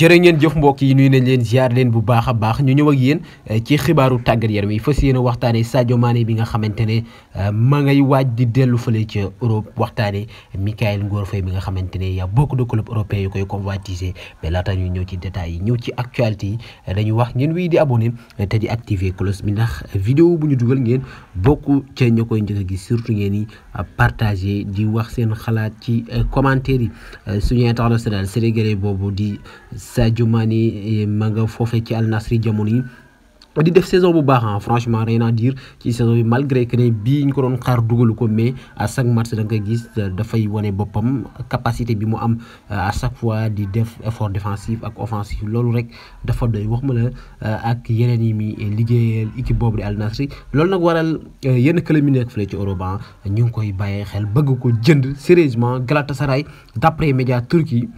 jërë ngeen jëf mbokk yi nuyu nañ leen ziar leen bu baax a baax ñu ñëw ak yéen eh, ci xibaaru tàggat yaram yi fas yéene waxtaanee Sadio Mané bi nga xamante ne eh, ma ngay waaj di dellu fële ca Europe waxtaanee Michael Ngor Faye bi nga xamante ne y a beaucoup de clubs européens yu koy convoitiser mais laata ñuy ñëw yi ñëw ci actualité yi eh, dañu wax ngeen wii di abonné te di activer cloche bi ndax vidéo bu ñu dugal ngeen bokk ca ñu koy njëkk a gis surtout ngeen di partager di wax seen xalaat ci commentaire yi suñu international sénégalais boobu di. Sadio Mané ma nga ci Al Nassr diamoni on di def saison bu baax hein, franchement rien à dire ci saison malgré que les billes ñu ko doon xaar dugalu ko mais à chaque match da nga gis euh, fay wane bopam capacité bi mu am euh, à chaque fois di def effort défensif ak offensif loolu rek dafa doy wax ma la euh, ak yeneen yi mi liggéeyal équipe bobu di Al Nassr loolu nag waral yenn club yi nekk fële ci Europe hein, ñu ngi koy bàyyee xel bëgg ko jënd sérieusement Galatasaray d'après média turquie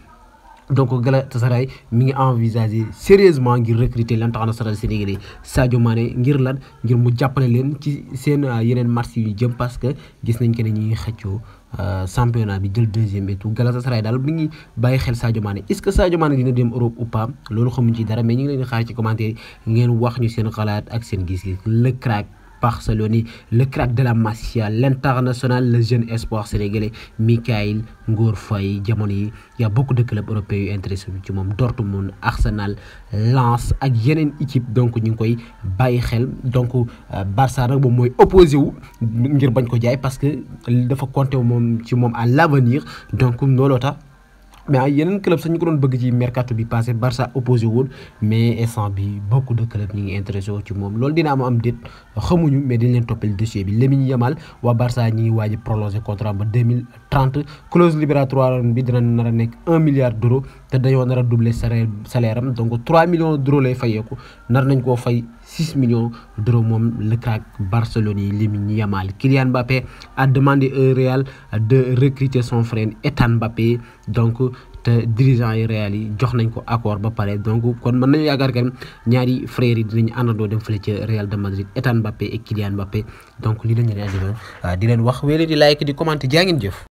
donc Galatasaray mi ngi envisager sérieusement ngir recruter l'international sénégalais Sadio Mané ngir lan ngir mu jàppale leen ci seen euh, yeneen match yu jëm parce que gis nañ que ne ñuy xëccoo euh, championnat bi jël deuxième et tout Galatasaray daal mi ngi bàyyi xel Sadio Mané est-ce que Sadio Mané dina dem Europe ou pas loolu xamuñ ci dara mais ñu ngi leen di xaar ci commentaire ngeen wax ñu seen xalaat ak seen gis-gis le crack Barcelone, le crack de la Masia, l'international, le jeune espoir sénégalais, Mikhail Ngourfaï Diamoni. Il y a beaucoup de clubs européens intéressés. Dortmund, Arsenal, Lens, et une équipe donc nous ngi koy bàyyi xel donc euh, Barça nous moom mooy opposé wu ngir bañ ko parce que dafa compter moom ci à l'avenir donc nous avons mais ah, yeneen club sax ñu ko doon bëgg ci mercato bi passé Barça opposé woon mais instant bi beaucoup de club ñu ngi intéressé wu ci moom loolu dina am am déet xamuñu mais dañ leen toppal dossier bi Lamine Yamal waa Barça ñi ngi waaj a prolongé contrat ba 2030 clause libératoire bi dina nar a nekk 1 milliard d' te dañoo nar a doubler salaire salaire am donc 3 millions d'euros lay fayeeku nar nañ koo fay 6 millions d'euros moom le crack Barcelone yi Lamine Yamal Kylian Mbappé a demandé au Real de recruter son frère Ethan Mbappé donc te dirigeants yi Real yi jox nañ ko accord ba pare donc kon mën nañu yaakaar kan ñaari frères yi dinañ àndandoo dem fële ca Real de Madrid Ethan Mbappé et Kylian Mbappé donc li lañu ñu leen di leen wax wéy di like di commenter jaa ngeen jëf.